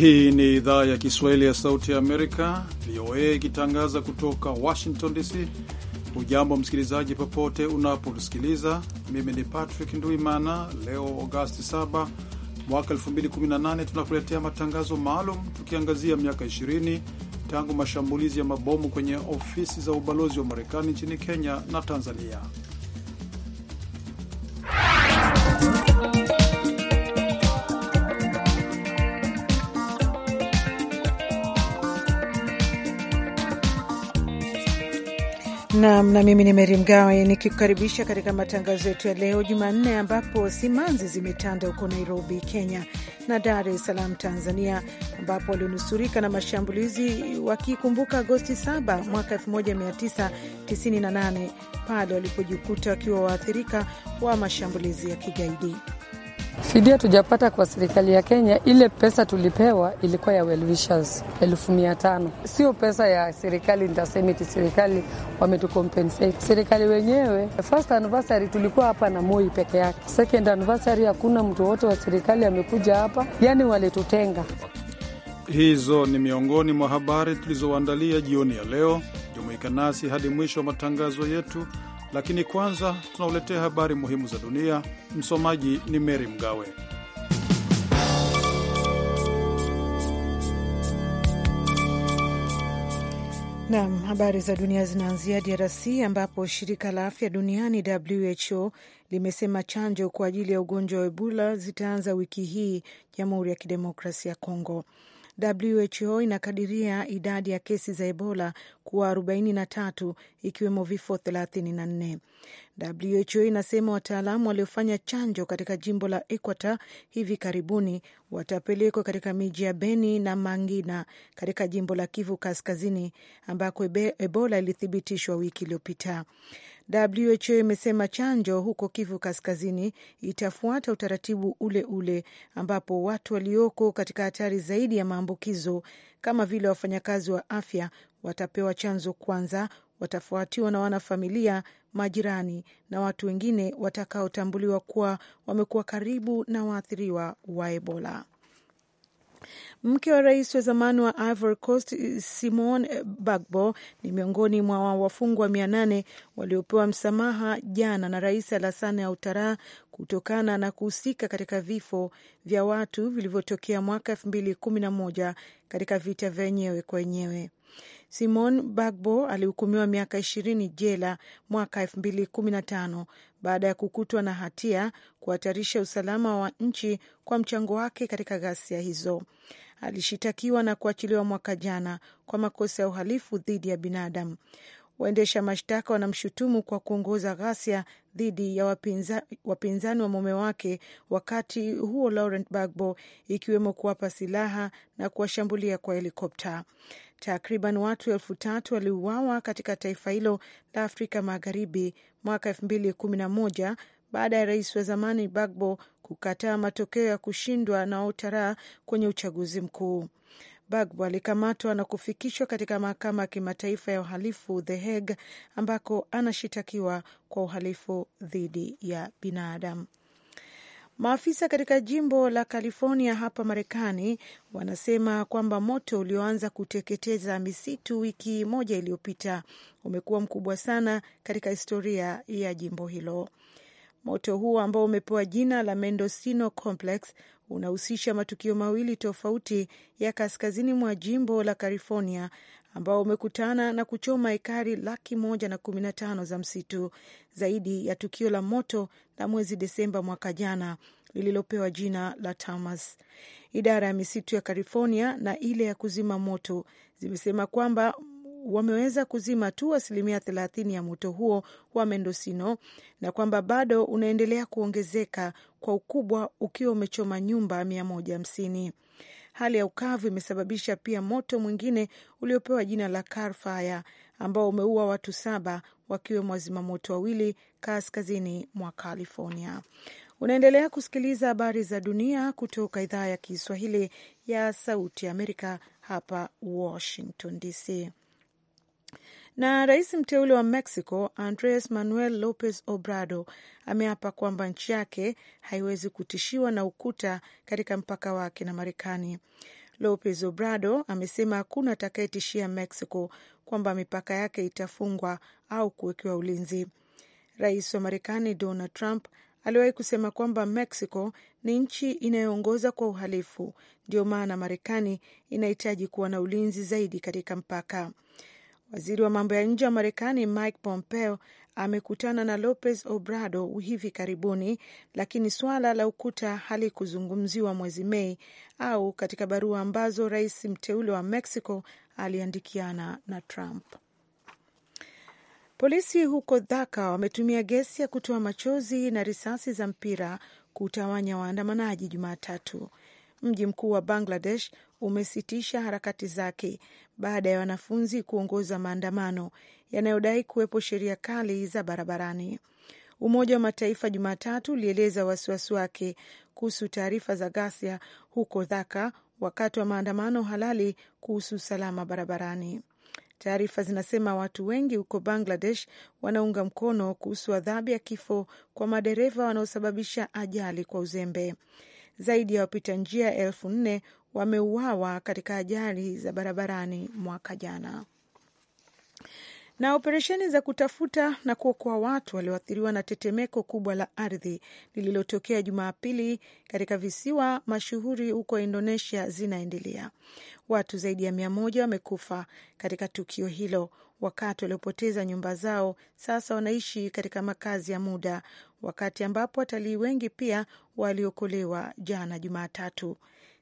Hii ni idhaa ya Kiswahili ya Sauti ya Amerika, VOA, ikitangaza kutoka Washington DC. Hujambo msikilizaji, popote unapotusikiliza. Mimi ni Patrick Nduimana. Leo Agosti 7 mwaka 2018, tunakuletea matangazo maalum tukiangazia miaka 20 tangu mashambulizi ya mabomu kwenye ofisi za ubalozi wa Marekani nchini Kenya na Tanzania. Nam na mimi ni Meri Mgawe nikikukaribisha katika matangazo yetu ya leo Jumanne, ambapo simanzi zimetanda huko Nairobi, Kenya na Dar es Salaam, Tanzania, ambapo walionusurika na mashambulizi wakikumbuka Agosti 7 mwaka 1998 pale walipojikuta wakiwa waathirika wa mashambulizi ya kigaidi. Fidia tujapata kwa serikali ya Kenya. Ile pesa tulipewa ilikuwa ya well wishers elfu mia tano, sio pesa ya serikali. Nitasema serikali wametukompensate. Serikali wenyewe, first anniversary tulikuwa hapa na Moi peke yake, second anniversary hakuna mtu wote wa serikali amekuja hapa, yani walitutenga. Hizo ni miongoni mwa habari tulizoandalia jioni ya leo. Jumuika nasi hadi mwisho wa matangazo yetu lakini kwanza tunauletea habari muhimu za dunia. Msomaji ni Meri Mgawe. Nam, habari za dunia zinaanzia DRC ambapo shirika la afya duniani WHO limesema chanjo kwa ajili ya ugonjwa wa Ebola zitaanza wiki hii Jamhuri ya Kidemokrasia ya Kongo. WHO inakadiria idadi ya kesi za Ebola kuwa 43 ikiwemo vifo 34. WHO inasema wataalamu waliofanya chanjo katika jimbo la Equator hivi karibuni watapelekwa katika miji ya Beni na Mangina katika jimbo la Kivu Kaskazini ambako Ebola ilithibitishwa wiki iliyopita. WHO imesema chanjo huko Kivu Kaskazini itafuata utaratibu ule ule ambapo watu walioko katika hatari zaidi ya maambukizo kama vile wafanyakazi wa afya watapewa chanjo kwanza, watafuatiwa na wanafamilia, majirani na watu wengine watakaotambuliwa kuwa wamekuwa karibu na waathiriwa wa Ebola. Mke wa rais wa zamani wa Ivory Coast bagbo ni miongoni mwa wafungwa mia nane waliopewa msamaha jana na Rais Alassane Ouattara kutokana na kuhusika katika vifo vya watu vilivyotokea mwaka elfu mbili kumi na moja katika vita vya wenyewe kwa wenyewe. Simon Bagbo alihukumiwa miaka ishirini jela mwaka elfu mbili kumi na tano baada ya kukutwa na hatia kuhatarisha usalama wa nchi kwa mchango wake katika ghasia hizo. Alishitakiwa na kuachiliwa mwaka jana kwa makosa ya uhalifu dhidi ya binadamu. Waendesha mashtaka wanamshutumu kwa kuongoza ghasia dhidi ya wapinza, wapinzani wa mume wake wakati huo Laurent Bagbo, ikiwemo kuwapa silaha na kuwashambulia kwa helikopta. Takriban watu elfu tatu waliuawa katika taifa hilo la Afrika Magharibi mwaka elfu mbili kumi na moja baada ya rais wa zamani Bagbo kukataa matokeo ya kushindwa na Ouattara kwenye uchaguzi mkuu. Bagbo alikamatwa na kufikishwa katika mahakama ya kimataifa ya uhalifu The Hague ambako anashitakiwa kwa uhalifu dhidi ya binadamu. Maafisa katika jimbo la California hapa Marekani wanasema kwamba moto ulioanza kuteketeza misitu wiki moja iliyopita umekuwa mkubwa sana katika historia ya jimbo hilo. Moto huo ambao umepewa jina la Mendocino Complex unahusisha matukio mawili tofauti ya kaskazini mwa jimbo la California ambao umekutana na kuchoma ekari laki moja na kumi na tano za msitu zaidi ya tukio la moto la mwezi Desemba mwaka jana lililopewa jina la Tamas. Idara ya misitu ya California na ile ya kuzima moto zimesema kwamba wameweza kuzima tu asilimia thelathini ya moto huo wa mendosino na kwamba bado unaendelea kuongezeka kwa ukubwa ukiwa umechoma nyumba mia moja hamsini. Hali ya ukavu imesababisha pia moto mwingine uliopewa jina la Car Fire ambao umeua watu saba wakiwemo wazima moto wawili kaskazini mwa California. Unaendelea kusikiliza habari za dunia kutoka idhaa ya Kiswahili ya Sauti ya Amerika hapa Washington DC. Na rais mteule wa Mexico Andres Manuel Lopez Obrador ameapa kwamba nchi yake haiwezi kutishiwa na ukuta katika mpaka wake na Marekani. Lopez Obrador amesema hakuna atakayetishia Mexico kwamba mipaka yake itafungwa au kuwekewa ulinzi. Rais wa Marekani Donald Trump aliwahi kusema kwamba Mexico ni nchi inayoongoza kwa uhalifu, ndio maana Marekani inahitaji kuwa na ulinzi zaidi katika mpaka. Waziri wa mambo ya nje wa Marekani Mike Pompeo amekutana na Lopez obrado hivi karibuni, lakini suala la ukuta halikuzungumziwa mwezi Mei au katika barua ambazo rais mteule wa Mexico aliandikiana na Trump. Polisi huko Dhaka wametumia gesi ya kutoa machozi na risasi za mpira kutawanya waandamanaji Jumatatu. Mji mkuu wa Bangladesh umesitisha harakati zake baada ya wanafunzi kuongoza maandamano yanayodai kuwepo sheria kali za barabarani. Umoja wa Mataifa Jumatatu ulieleza wasiwasi wake kuhusu taarifa za ghasia huko Dhaka wakati wa maandamano halali kuhusu usalama barabarani. Taarifa zinasema watu wengi huko Bangladesh wanaunga mkono kuhusu adhabu ya kifo kwa madereva wanaosababisha ajali kwa uzembe. Zaidi ya wapita njia elfu nne wameuawa katika ajali za barabarani mwaka jana. Na operesheni za kutafuta na kuokoa watu walioathiriwa na tetemeko kubwa la ardhi lililotokea Jumapili katika visiwa mashuhuri huko Indonesia zinaendelea. Watu zaidi ya mia moja wamekufa katika tukio hilo, wakati waliopoteza nyumba zao sasa wanaishi katika makazi ya muda, wakati ambapo watalii wengi pia waliokolewa jana Jumatatu.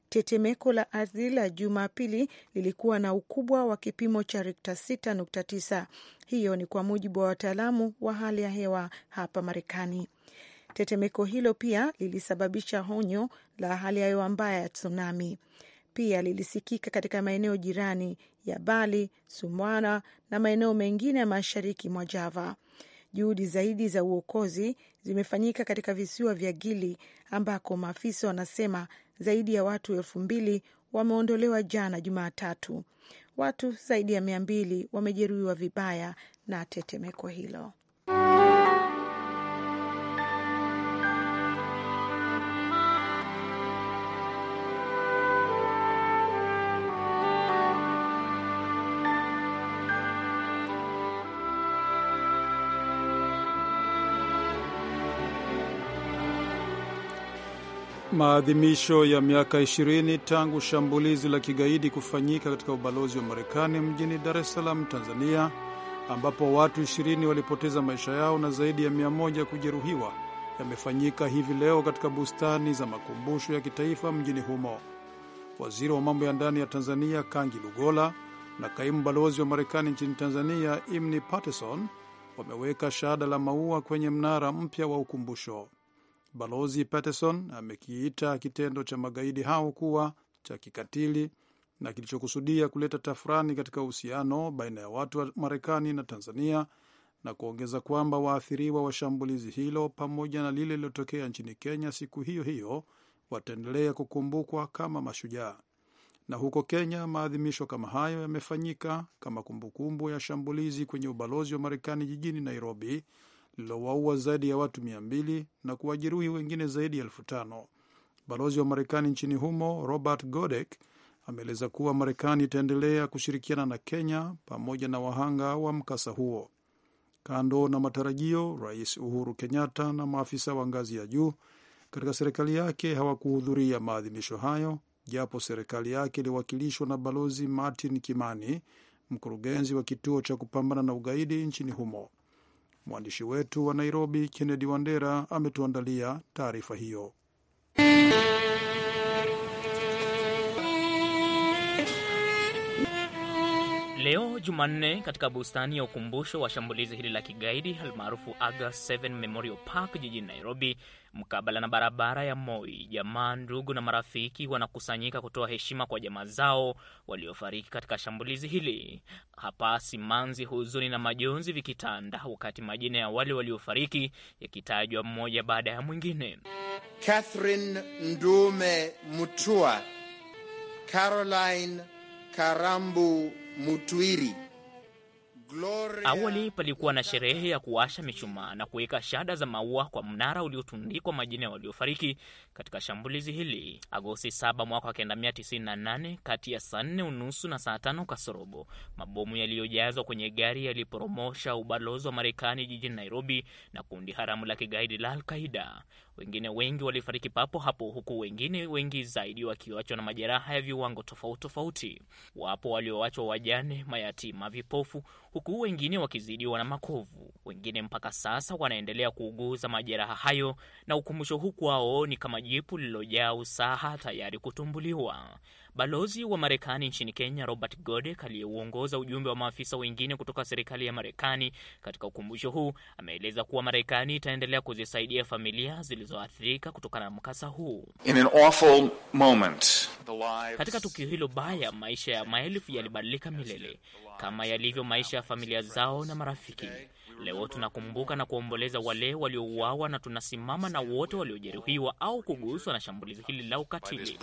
Tetemeko la ardhi la Jumapili lilikuwa na ukubwa wa kipimo cha Rikta 6.9. Hiyo ni kwa mujibu wa wataalamu wa hali ya hewa hapa Marekani. Tetemeko hilo pia lilisababisha onyo la hali ya hewa mbaya ya tsunami. Pia lilisikika katika maeneo jirani ya Bali, sumwana na maeneo mengine ya mashariki mwa Java. Juhudi zaidi za uokozi zimefanyika katika visiwa vya Gili ambako maafisa wanasema zaidi ya watu elfu mbili wameondolewa jana Jumatatu. Watu zaidi ya mia mbili wamejeruhiwa vibaya na tetemeko hilo. Maadhimisho ya miaka 20 tangu shambulizi la kigaidi kufanyika katika ubalozi wa Marekani mjini Dar es Salaam, Tanzania, ambapo watu 20 walipoteza maisha yao na zaidi ya 100 kujeruhiwa yamefanyika hivi leo katika bustani za makumbusho ya kitaifa mjini humo. Waziri wa mambo ya ndani ya Tanzania Kangi Lugola na kaimu balozi wa Marekani nchini Tanzania Imni Patterson wameweka shada la maua kwenye mnara mpya wa ukumbusho. Balozi Patterson amekiita kitendo cha magaidi hao kuwa cha kikatili na kilichokusudia kuleta tafurani katika uhusiano baina ya watu wa Marekani na Tanzania na kuongeza kwamba waathiriwa wa shambulizi hilo pamoja na lile lililotokea nchini Kenya siku hiyo hiyo wataendelea kukumbukwa kama mashujaa. Na huko Kenya, maadhimisho kama hayo yamefanyika kama kumbukumbu ya shambulizi kwenye ubalozi wa Marekani jijini Nairobi lililowaua zaidi ya watu mia mbili na kuwajeruhi wengine zaidi ya elfu tano. Balozi wa Marekani nchini humo Robert Godek ameeleza kuwa Marekani itaendelea kushirikiana na Kenya pamoja na wahanga wa mkasa huo. Kando na matarajio, Rais Uhuru Kenyatta na maafisa wa ngazi ya juu katika serikali yake hawakuhudhuria ya maadhimisho hayo, japo serikali yake iliwakilishwa na Balozi Martin Kimani, mkurugenzi wa kituo cha kupambana na ugaidi nchini humo. Mwandishi wetu wa Nairobi, Kennedy Wandera, ametuandalia taarifa hiyo. Leo Jumanne, katika bustani ya ukumbusho wa shambulizi hili la kigaidi almaarufu Aga 7 Memorial Park jijini Nairobi, mkabala na barabara ya Moi, jamaa, ndugu na marafiki wanakusanyika kutoa heshima kwa jamaa zao waliofariki katika shambulizi hili. Hapa simanzi, huzuni na majonzi vikitanda, wakati majina ya wale waliofariki yakitajwa mmoja baada ya mwingine: Catherine Ndume Mutua, Caroline Karambu Mutwiri. Gloria. Awali palikuwa na sherehe ya kuwasha mishumaa na kuweka shada za maua kwa mnara uliotundikwa majina ya waliofariki katika shambulizi hili Agosti 7 mwaka 1998, kati ya saa nne unusu na saa tano kasorobo, mabomu yaliyojazwa kwenye gari yaliporomosha ubalozi wa Marekani jijini Nairobi na kundi haramu la kigaidi la al Wengine wengi walifariki papo hapo, huku wengine wengi zaidi wakiwachwa na majeraha ya viwango tofauti tofauti. Wapo walioachwa wajane, mayatima, vipofu, huku wengine wakizidiwa na makovu. Wengine mpaka sasa wanaendelea kuuguza majeraha hayo na ukumbusho huu kwao ni kama jipu lililojaa usaha tayari kutumbuliwa. Balozi wa Marekani nchini Kenya Robert Godek, aliyeuongoza ujumbe wa maafisa wengine kutoka serikali ya Marekani katika ukumbusho huu, ameeleza kuwa Marekani itaendelea kuzisaidia familia zilizoathirika kutokana na mkasa huu. In an awful moment, the lives... katika tukio hilo baya, maisha ya maelfu yalibadilika milele, kama yalivyo maisha ya familia zao na marafiki. Leo tunakumbuka na kuomboleza wale waliouawa na tunasimama na wote waliojeruhiwa au kuguswa na shambulizi hili la ukatili.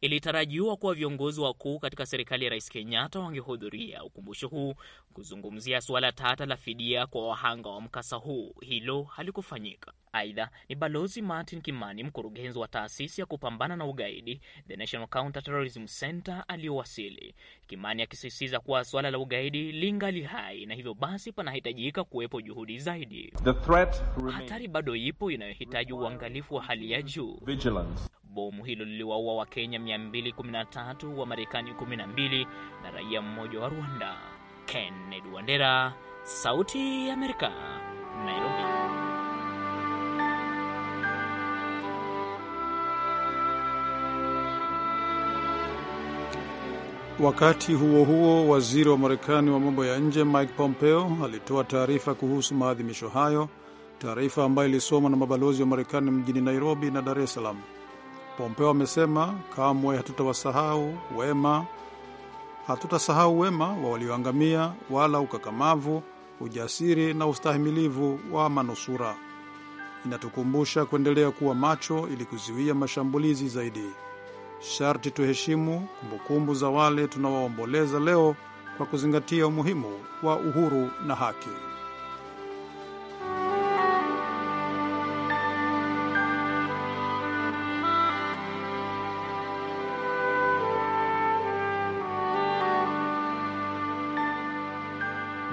Ilitarajiwa kuwa viongozi wakuu katika serikali ya Rais Kenyatta wangehudhuria ukumbusho huu kuzungumzia suala tata la fidia kwa wahanga wa mkasa huu. Hilo halikufanyika. Aidha ni Balozi Martin Kimani, mkurugenzi wa taasisi ya kupambana na ugaidi The National Counter Terrorism Center, aliyowasili. Kimani akisisitiza kuwa suala la ugaidi lingali hai na hivyo basi panahitajika kuwepo juhudi zaidi. Hatari bado ipo inayohitaji uangalifu wa hali ya juu. Bomu hilo liliwaua Wakenya 213 wa Marekani 12 na raia mmoja wa Rwanda. Kennedy Wandera, Sauti ya Amerika, Nairobi. Wakati huo huo, waziri wa Marekani wa mambo ya nje Mike Pompeo alitoa taarifa kuhusu maadhimisho hayo, taarifa ambayo ilisomwa na mabalozi wa Marekani mjini Nairobi na Dar es Salaam. Pompeo amesema kamwe hatutasahau wema, hatutasahau wema wa walioangamia wala ukakamavu, ujasiri na ustahimilivu wa manusura. Inatukumbusha kuendelea kuwa macho ili kuzuia mashambulizi zaidi. Sharti tuheshimu kumbukumbu za wale tunawaomboleza leo kwa kuzingatia umuhimu wa uhuru na haki.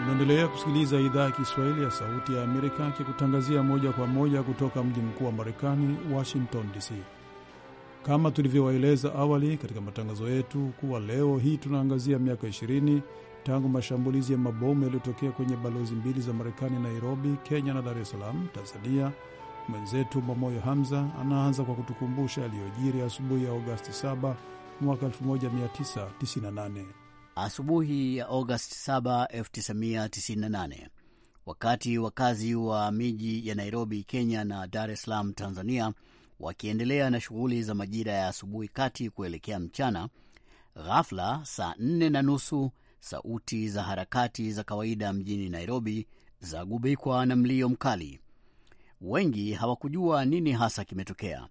Unaendelea kusikiliza idhaa ya Kiswahili ya Sauti ya Amerika, kikutangazia moja kwa moja kutoka mji mkuu wa Marekani, Washington DC. Kama tulivyowaeleza awali katika matangazo yetu kuwa leo hii tunaangazia miaka 20 tangu mashambulizi ya mabomu yaliyotokea kwenye balozi mbili za Marekani Nairobi, Kenya na Dar es Salaam, Tanzania. Mwenzetu Mwamoyo Hamza anaanza kwa kutukumbusha yaliyojiri asubuhi ya Agosti 7 mwaka 1998. Asubuhi ya Agosti 7, 1998, wakati wakazi wa miji ya Nairobi, Kenya na Dar es Salaam, Tanzania wakiendelea na shughuli za majira ya asubuhi kati kuelekea mchana. Ghafla saa nne na nusu sauti za harakati za kawaida mjini Nairobi zagubikwa na mlio mkali. Wengi hawakujua nini hasa kimetokea,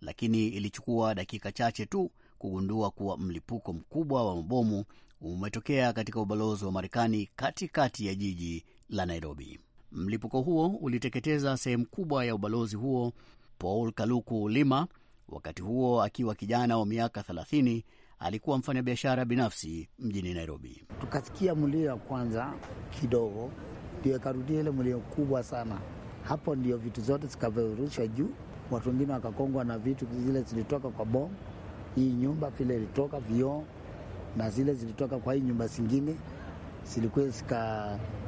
lakini ilichukua dakika chache tu kugundua kuwa mlipuko mkubwa wa mabomu umetokea katika ubalozi wa Marekani katikati ya jiji la Nairobi. Mlipuko huo uliteketeza sehemu kubwa ya ubalozi huo Paul Kaluku Lima, wakati huo akiwa kijana wa miaka 30, alikuwa mfanyabiashara binafsi mjini Nairobi. Tukasikia mlio ya kwanza kidogo, ndio ikarudia ile mlio kubwa sana. Hapo ndio vitu zote zikavyorushwa juu, watu wengine wakakongwa na vitu zile zilitoka kwa bomu, hii nyumba vile ilitoka vioo na zile zilitoka kwa hii nyumba zingine zilikuwa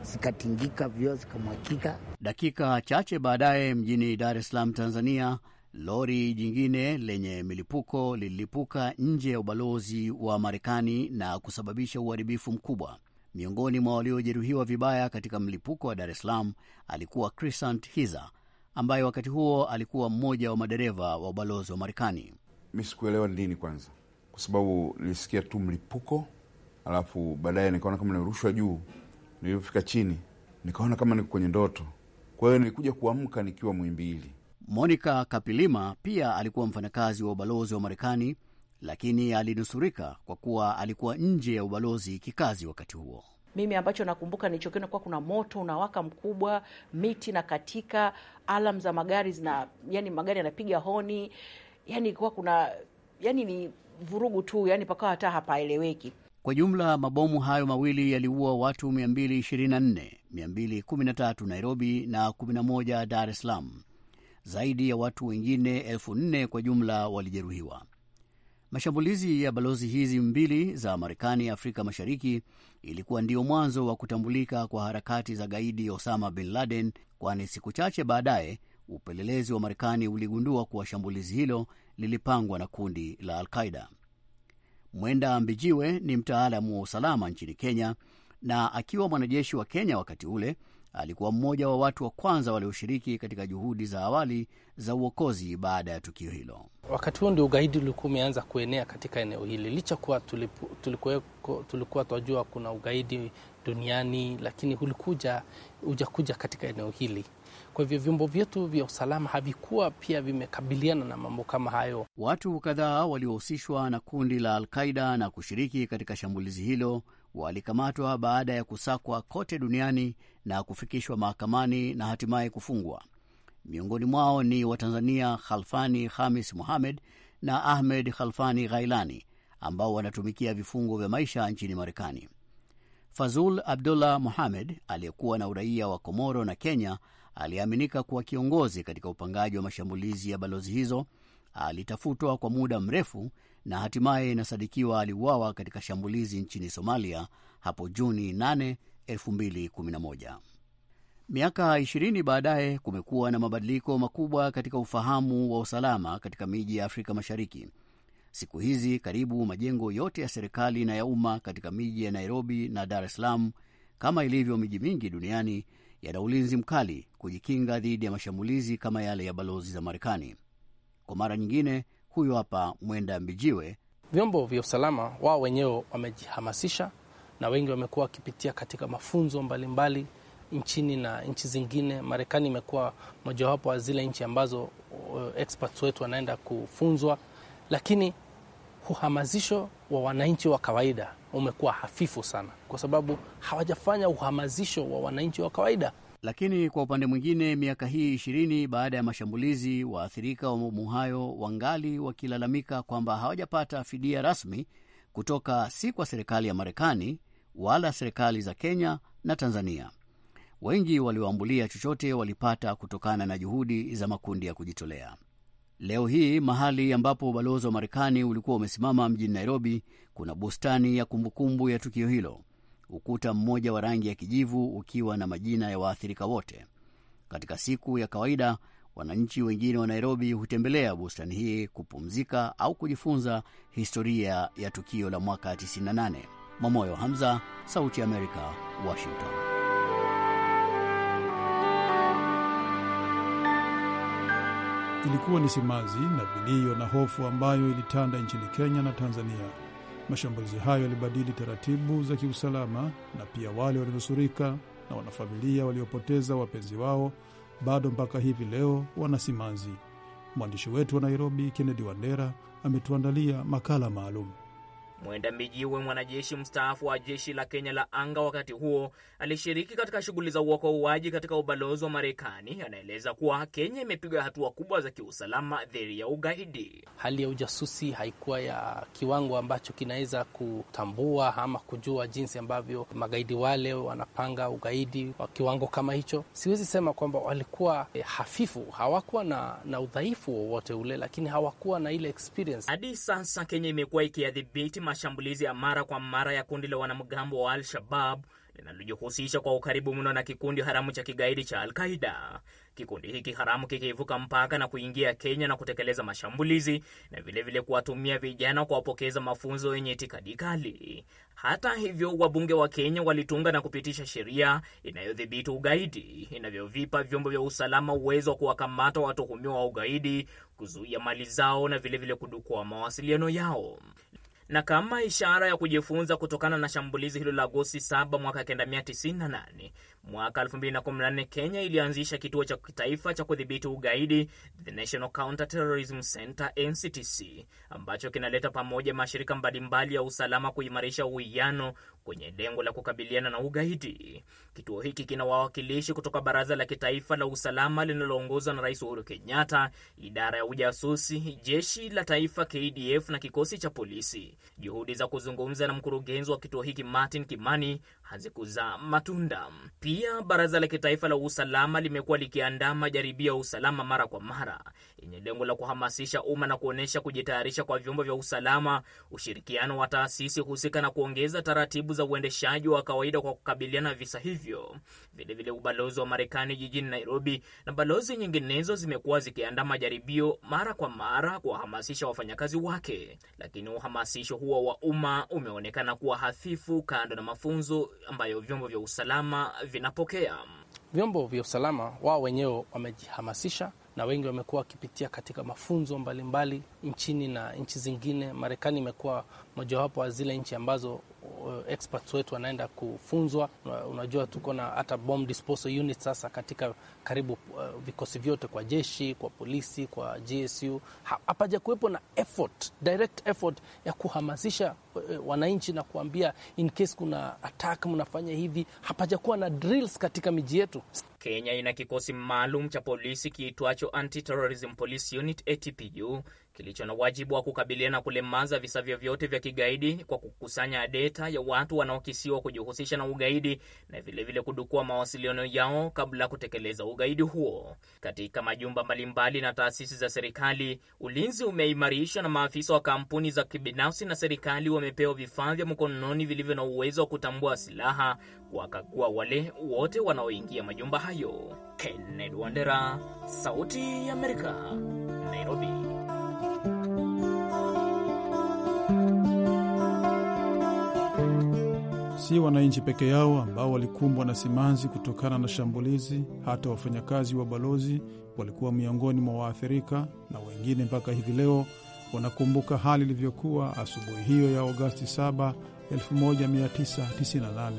zikatingika vyo zikamwakika. Dakika chache baadaye mjini Dar es Salaam, Tanzania, lori jingine lenye milipuko lililipuka nje ya ubalozi wa Marekani na kusababisha uharibifu mkubwa. Miongoni mwa waliojeruhiwa vibaya katika mlipuko wa Dar es Salaam alikuwa Crisant Hiza ambaye wakati huo alikuwa mmoja wa madereva wa ubalozi wa Marekani. Mi sikuelewa nini kwanza, kwa sababu nilisikia tu mlipuko alafu baadaye nikaona kama nirushwa juu. Nilivyofika chini nikaona kama niko kwenye ndoto, kwa hiyo nilikuja kuamka nikiwa Muhimbili. Monica Kapilima pia alikuwa mfanyakazi wa ubalozi wa Marekani, lakini alinusurika kwa kuwa alikuwa nje ya ubalozi kikazi wakati huo. Mimi ambacho nakumbuka nilichokiona kuwa kuna moto unawaka mkubwa, miti na katika alam za magari zina, yani magari yanapiga honi, yani kuwa kuna yani ni vurugu tu, yani pakawa hata hapaeleweki. Kwa jumla mabomu hayo mawili yaliua watu 224, 213 Nairobi na 11 Dar es Salaam. Zaidi ya watu wengine elfu nne kwa jumla walijeruhiwa. Mashambulizi ya balozi hizi mbili za Marekani Afrika Mashariki ilikuwa ndio mwanzo wa kutambulika kwa harakati za gaidi Osama bin Laden, kwani siku chache baadaye upelelezi wa Marekani uligundua kuwa shambulizi hilo lilipangwa na kundi la alqaida Mwenda Mbijiwe ni mtaalamu wa usalama nchini Kenya, na akiwa mwanajeshi wa Kenya wakati ule alikuwa mmoja wa watu wa kwanza walioshiriki katika juhudi za awali za uokozi baada ya tukio hilo. Wakati huo ndio ugaidi ulikuwa umeanza kuenea katika eneo hili, licha kuwa tulikuwa twajua kuna ugaidi duniani, lakini ulikuja ujakuja katika eneo hili kwa hivyo vyombo vyetu vya usalama havikuwa pia vimekabiliana na mambo kama hayo. Watu kadhaa waliohusishwa na kundi la Alqaida na kushiriki katika shambulizi hilo walikamatwa baada ya kusakwa kote duniani na kufikishwa mahakamani na hatimaye kufungwa. Miongoni mwao ni Watanzania Khalfani Hamis Mohamed na Ahmed Khalfani Ghailani ambao wanatumikia vifungo vya maisha nchini Marekani. Fazul Abdullah Mohamed aliyekuwa na uraia wa Komoro na Kenya aliyeaminika kuwa kiongozi katika upangaji wa mashambulizi ya balozi hizo alitafutwa kwa muda mrefu na hatimaye inasadikiwa aliuawa katika shambulizi nchini Somalia hapo Juni 8, 2011. Miaka 20 baadaye, kumekuwa na mabadiliko makubwa katika ufahamu wa usalama katika miji ya Afrika Mashariki. Siku hizi karibu majengo yote ya serikali na ya umma katika miji ya Nairobi na Dar es Salaam, kama ilivyo miji mingi duniani, yana ulinzi mkali kujikinga dhidi ya mashambulizi kama yale ya balozi za Marekani. Kwa mara nyingine, huyo hapa Mwenda Mbijiwe. Vyombo vya usalama wao wenyewe wamejihamasisha na wengi wamekuwa wakipitia katika mafunzo mbalimbali mbali, nchini na nchi zingine. Marekani imekuwa mojawapo wa zile nchi ambazo uh, experts wetu wanaenda kufunzwa, lakini uhamasisho wa wananchi wa kawaida umekuwa hafifu sana, kwa sababu hawajafanya uhamazisho wa wananchi wa kawaida. Lakini kwa upande mwingine, miaka hii ishirini baada ya mashambulizi, waathirika wa mabomu hayo wangali wakilalamika kwamba hawajapata fidia rasmi kutoka si kwa serikali ya Marekani wala serikali za Kenya na Tanzania. Wengi walioambulia chochote walipata kutokana na juhudi za makundi ya kujitolea. Leo hii mahali ambapo ubalozi wa Marekani ulikuwa umesimama mjini Nairobi kuna bustani ya kumbukumbu ya tukio hilo, ukuta mmoja wa rangi ya kijivu ukiwa na majina ya waathirika wote. Katika siku ya kawaida, wananchi wengine wa Nairobi hutembelea bustani hii kupumzika au kujifunza historia ya tukio la mwaka 98. Mwamoyo Hamza, Sauti ya Amerika, Washington. Ilikuwa ni simanzi na vilio na hofu ambayo ilitanda nchini Kenya na Tanzania. Mashambulizi hayo yalibadili taratibu za kiusalama, na pia wale walionusurika na wanafamilia waliopoteza wapenzi wao bado mpaka hivi leo wana simanzi. Mwandishi wetu wa Nairobi, Kennedy Wandera, ametuandalia makala maalum. Mwenda Mijiwe, mwanajeshi mstaafu wa jeshi la Kenya la anga, wakati huo alishiriki katika shughuli za uokoaji katika ubalozi wa Marekani, anaeleza kuwa Kenya imepiga hatua kubwa za kiusalama dhidi ya ugaidi. Hali ya ujasusi haikuwa ya kiwango ambacho kinaweza kutambua ama kujua jinsi ambavyo magaidi wale wanapanga ugaidi wa kiwango kama hicho. Siwezi sema kwamba walikuwa eh, hafifu, hawakuwa na, na udhaifu wowote ule, lakini hawakuwa na ile experience. Hadi sasa Kenya imekuwa ikiadhibiti mashambulizi ya mara kwa mara ya kundi la wanamgambo wa Al-Shabab linalojihusisha kwa ukaribu mno na kikundi haramu cha kigaidi cha Al-Qaida. Kikundi hiki haramu kikivuka mpaka na kuingia Kenya na kutekeleza mashambulizi na vilevile kuwatumia vijana kuwapokeza mafunzo yenye itikadi kali. Hata hivyo, wabunge wa Kenya walitunga na kupitisha sheria inayodhibiti ugaidi inavyovipa vyombo vya usalama uwezo wa kuwakamata watuhumiwa wa ugaidi, kuzuia mali zao na vilevile kudukua mawasiliano yao na kama ishara ya kujifunza kutokana na shambulizi hilo la Agosti 7 mwaka 1998 Mwaka 2014 Kenya ilianzisha kituo cha kitaifa cha kudhibiti ugaidi, The National Counter Terrorism Center NCTC, ambacho kinaleta pamoja mashirika mbalimbali ya usalama kuimarisha uwiano kwenye lengo la kukabiliana na ugaidi. Kituo hiki kina wawakilishi kutoka Baraza la Kitaifa la Usalama linaloongozwa na Rais Uhuru Kenyatta, idara ya ujasusi, jeshi la taifa KDF na kikosi cha polisi. Juhudi za kuzungumza na mkurugenzi wa kituo hiki Martin Kimani hazikuzaa matunda. Pia baraza la kitaifa la usalama limekuwa likiandaa majaribio ya usalama mara kwa mara yenye lengo la kuhamasisha umma na kuonyesha kujitayarisha kwa vyombo vya usalama, ushirikiano wa taasisi husika na kuongeza taratibu za uendeshaji wa kawaida kwa kukabiliana na visa hivyo. Vilevile, ubalozi wa Marekani jijini Nairobi na balozi nyinginezo zimekuwa zikiandaa majaribio mara kwa mara kuwahamasisha wafanyakazi wake, lakini uhamasisho huo wa umma umeonekana kuwa hafifu, kando na mafunzo ambayo vyombo vya usalama vile vinapokea. Vyombo vya usalama wao wenyewe wamejihamasisha na wengi wamekuwa wakipitia katika mafunzo mbalimbali mbali, nchini na nchi zingine. Marekani imekuwa mojawapo wa zile nchi ambazo uh, experts wetu wanaenda kufunzwa. Unajua, tuko na hata bomb disposal unit sasa katika karibu uh, vikosi vyote kwa jeshi, kwa polisi, kwa GSU. Hapaja kuwepo na effort, direct effort ya kuhamasisha Eh, wananchi na kuambia in case kuna attack mnafanya hivi. Hapajakuwa na drills katika miji yetu. Kenya ina kikosi maalum cha polisi kiitwacho Anti-Terrorism Police Unit ATPU kilicho na wajibu wa kukabiliana na kulemaza visa vyovyote vya kigaidi kwa kukusanya deta ya watu wanaokisiwa kujihusisha na ugaidi na vilevile kudukua mawasiliano yao kabla ya kutekeleza ugaidi huo. Katika majumba mbalimbali na taasisi za serikali, ulinzi umeimarishwa na maafisa wa kampuni za kibinafsi na serikali wa wamepewa vifaa vya mkononi vilivyo na uwezo wa kutambua silaha, wakakuwa wale wote wanaoingia majumba hayo. Kenneth Wandera, Sauti ya Amerika, Nairobi. Si wananchi peke yao ambao walikumbwa na simanzi kutokana na shambulizi. Hata wafanyakazi wa balozi walikuwa miongoni mwa waathirika na wengine mpaka hivi leo wanakumbuka hali ilivyokuwa asubuhi hiyo ya Agosti 7, 1998.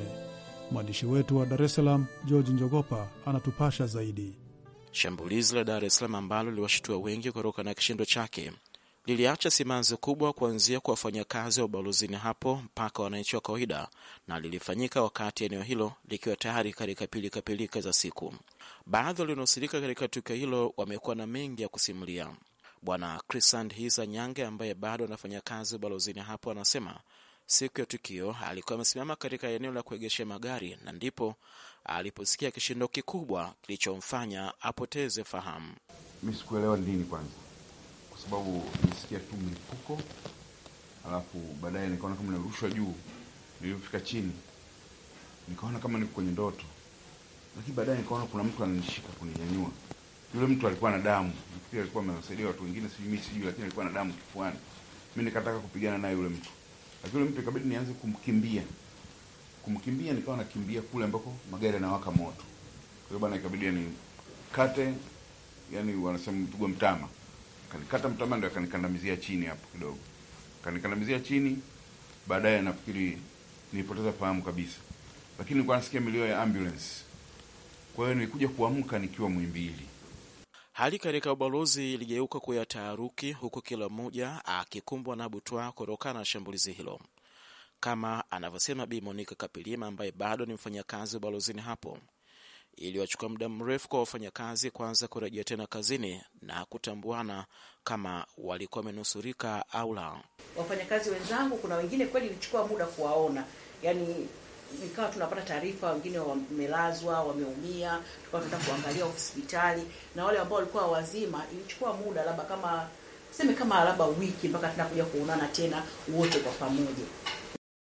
Mwandishi wetu wa Dar es Salaam George Njogopa anatupasha zaidi. Shambulizi la Dar es Salaam ambalo liliwashitua wengi kutoka na kishindo chake liliacha simanzi kubwa kuanzia kwa wafanyakazi wa ubalozini hapo mpaka wananchi wa kawaida, na lilifanyika wakati eneo hilo likiwa tayari katika pilikapilika za siku. Baadhi walionusurika katika tukio hilo wamekuwa na mengi ya kusimulia. Bwana Crisand Hisa Nyange ambaye bado anafanya kazi ubalozini hapo anasema siku ya tukio alikuwa amesimama katika eneo la kuegeshea magari na ndipo aliposikia kishindo kikubwa kilichomfanya apoteze fahamu. Mi sikuelewa nini kwanza, kwa sababu nisikia tu mlipuko, alafu baadaye nikaona kama narushwa juu. Nilivyofika chini nikaona kama niko kwenye ndoto, lakini baadaye nikaona kuna mtu ananishika kuninyanyua yule mtu alikuwa na damu, pia, alikuwa amewasaidia watu wengine, sijui mimi sijui, lakini alikuwa na damu kifuani. Mimi nikataka kupigana naye yule mtu, lakini yule mtu ikabidi nianze kumkimbia, kumkimbia nikawa nakimbia kule ambako magari yanawaka moto. Kwa hiyo bana, ikabidi ni kate, yani wanasema mpigwa mtama, kanikata mtama, ndio akanikandamizia chini hapo kidogo, kanikandamizia chini. Baadaye nafikiri nilipoteza fahamu kabisa, lakini nilikuwa nasikia milio ya ambulance. Kwa hiyo nilikuja kuamka nikiwa Muhimbili Hali katika ubalozi iligeuka kuya taharuki, huku kila mmoja akikumbwa na butwa kutokana na shambulizi hilo, kama anavyosema Bi monika Kapilima ambaye bado ni mfanyakazi ubalozini hapo. Iliwachukua muda mrefu kwa wafanyakazi kwanza kurejea tena kazini na kutambuana kama walikuwa wamenusurika au la. Wafanyakazi wenzangu, kuna wengine kweli ilichukua muda kuwaona, yani nikawa tunapata taarifa, wengine wamelazwa, wameumia, tukawa tunataka kuangalia hospitali, na wale ambao walikuwa wazima ilichukua muda labda kama seme kama labda wiki mpaka tunakuja kuonana tena wote kwa pamoja.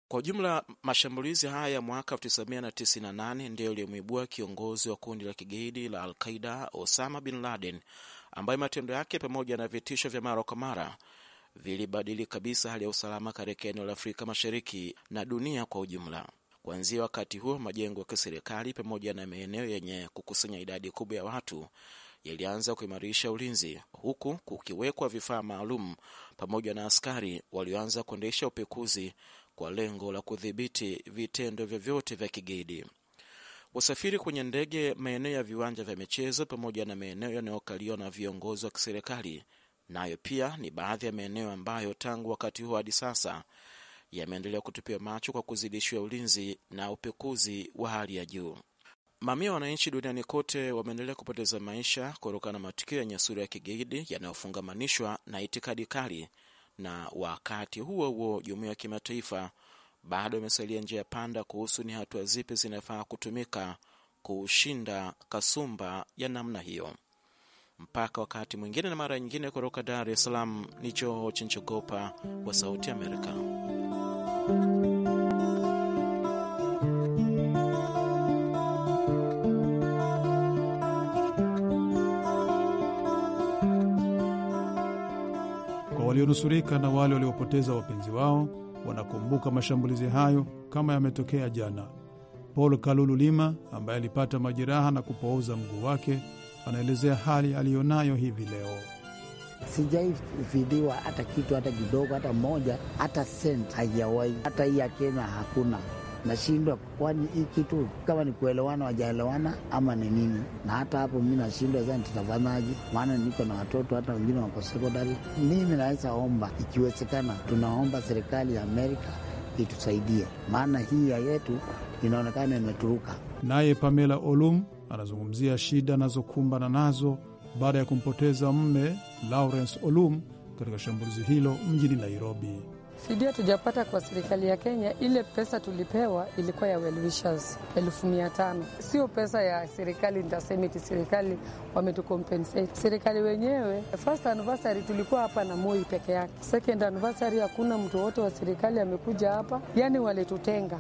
Kwa ujumla mashambulizi haya ya mwaka 1998 ndiyo yaliyomwibua kiongozi wa kundi la kigaidi la al Osama bin Laden, ambaye matendo yake pamoja na vitisho vya mara kwa mara vilibadili kabisa hali ya usalama katika eneo la Afrika Mashariki na dunia kwa ujumla. Kuanzia wakati huo, majengo ya kiserikali pamoja na maeneo yenye kukusanya idadi kubwa ya watu yalianza kuimarisha ulinzi, huku kukiwekwa vifaa maalum pamoja na askari walioanza kuendesha upekuzi kwa lengo la kudhibiti vitendo vyovyote vya kigaidi. Wasafiri kwenye ndege, maeneo ya viwanja vya michezo pamoja na maeneo yanayokaliwa na viongozi wa kiserikali nayo pia ni baadhi ya maeneo ambayo tangu wakati huo hadi sasa yameendelea kutupiwa macho kwa kuzidishiwa ulinzi na upekuzi wa hali ya juu. Mamia wananchi duniani kote wameendelea kupoteza maisha kutokana na matukio ya sura ya kigaidi yanayofungamanishwa na itikadi kali, na wakati huo huo jumuiya ya kimataifa bado imesalia njia ya panda kuhusu ni hatua zipi zinafaa kutumika kuushinda kasumba ya namna hiyo. Mpaka wakati mwingine na mara nyingine, kutoka Dar es Salaam ni Joho Chinchogopa wa Sauti Amerika. Kwa walionusurika na wale waliopoteza wapenzi wao, wanakumbuka mashambulizi hayo kama yametokea jana. Paul Kalulu Lima ambaye alipata majeraha na kupooza mguu wake anaelezea hali aliyonayo hivi leo. Sijaifidiwa hata kitu hata kidogo, hata moja, hata sent haijawahi. Hata hii ya Kenya hakuna. Nashindwa kwani hii kitu kama ni kuelewana, wajaelewana ama ni nini? Na hata hapo mi nashindwa sana, tutafanyaje? Maana niko na watoto, hata wengine wako sekondari. Mimi naweza omba, ikiwezekana, tunaomba serikali ya Amerika itusaidie, maana hii ya yetu inaonekana imeturuka. Naye Pamela Olum anazungumzia shida anazokumbana nazo baada ya kumpoteza mme Lawrence Olum katika shambulizi hilo mjini Nairobi. Fidia tujapata kwa serikali ya Kenya. Ile pesa tulipewa ilikuwa ya well elfu mia tano, sio pesa ya serikali. ntasemiti serikali wametukompensate. Serikali wenyewe, first anniversary tulikuwa hapa na Moi peke yake, second anniversary hakuna mtu wote wa serikali amekuja hapa, yani walitutenga.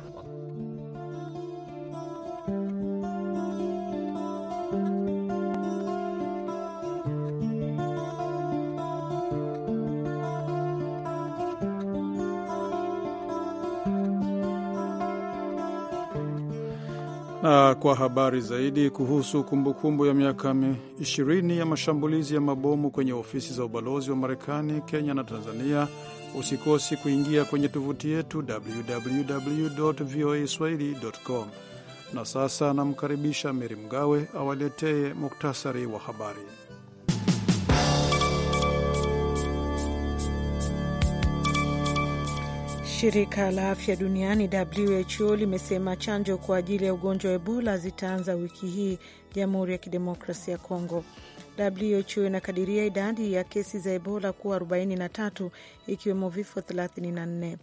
Kwa habari zaidi kuhusu kumbukumbu kumbu ya miaka 20 ya mashambulizi ya mabomu kwenye ofisi za ubalozi wa Marekani, Kenya na Tanzania, usikosi kuingia kwenye tovuti yetu www voa swahili com. Na sasa anamkaribisha Meri Mgawe awaletee muktasari wa habari. Shirika la afya duniani WHO limesema chanjo kwa ajili ya ugonjwa wa Ebola zitaanza wiki hii Jamhuri ya Kidemokrasia ya Kongo. WHO inakadiria idadi ya kesi za Ebola kuwa 43 ikiwemo vifo 34.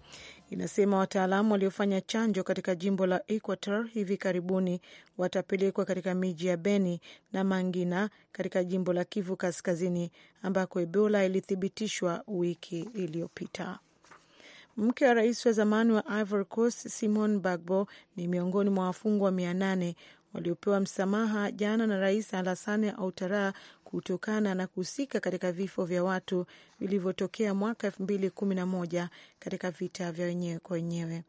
Inasema wataalamu waliofanya chanjo katika jimbo la Equator hivi karibuni watapelekwa katika miji ya Beni na Mangina katika jimbo la Kivu Kaskazini ambako Ebola ilithibitishwa wiki iliyopita. Mke wa rais wa zamani wa Ivory Coast Simon Bagbo ni miongoni mwa wafungwa mia nane waliopewa msamaha jana na Rais Alassane Ouattara kutokana na kuhusika katika vifo vya watu vilivyotokea mwaka elfu mbili kumi na moja katika vita vya wenyewe kwa wenyewe.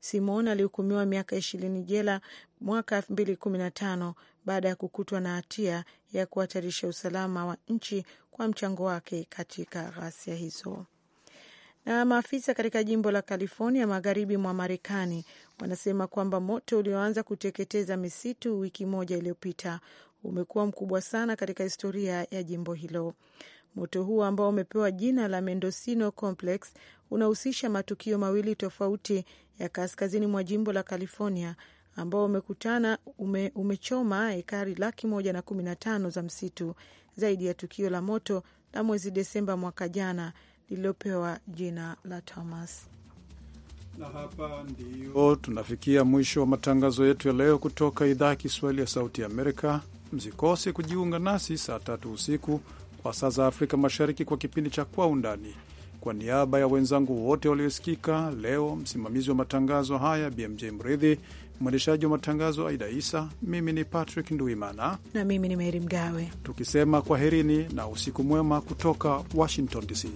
Simon alihukumiwa miaka ishirini jela mwaka elfu mbili kumi na tano baada ya kukutwa na hatia ya kuhatarisha usalama wa nchi kwa mchango wake katika ghasia hizo na maafisa katika jimbo la California magharibi mwa Marekani wanasema kwamba moto ulioanza kuteketeza misitu wiki moja iliyopita umekuwa mkubwa sana katika historia ya jimbo hilo. Moto huo ambao umepewa jina la Mendocino Complex unahusisha matukio mawili tofauti ya kaskazini mwa jimbo la California ambao umekutana ume, umechoma ekari laki moja na kumi na tano za msitu zaidi ya tukio la moto la mwezi Desemba mwaka jana lililopewa jina la Thomas. Na hapa ndio tunafikia mwisho wa matangazo yetu ya leo kutoka idhaa ya Kiswahili ya Sauti Amerika. Msikose kujiunga nasi saa tatu usiku kwa saa za Afrika Mashariki kwa kipindi cha Kwa Undani. Kwa niaba ya wenzangu wote waliosikika leo, msimamizi wa matangazo haya BMJ Mridhi, mwendeshaji wa matangazo Aida Isa, mimi ni Patrick Nduimana na mimi ni Meri Mgawe, tukisema kwaherini na usiku mwema kutoka Washington DC.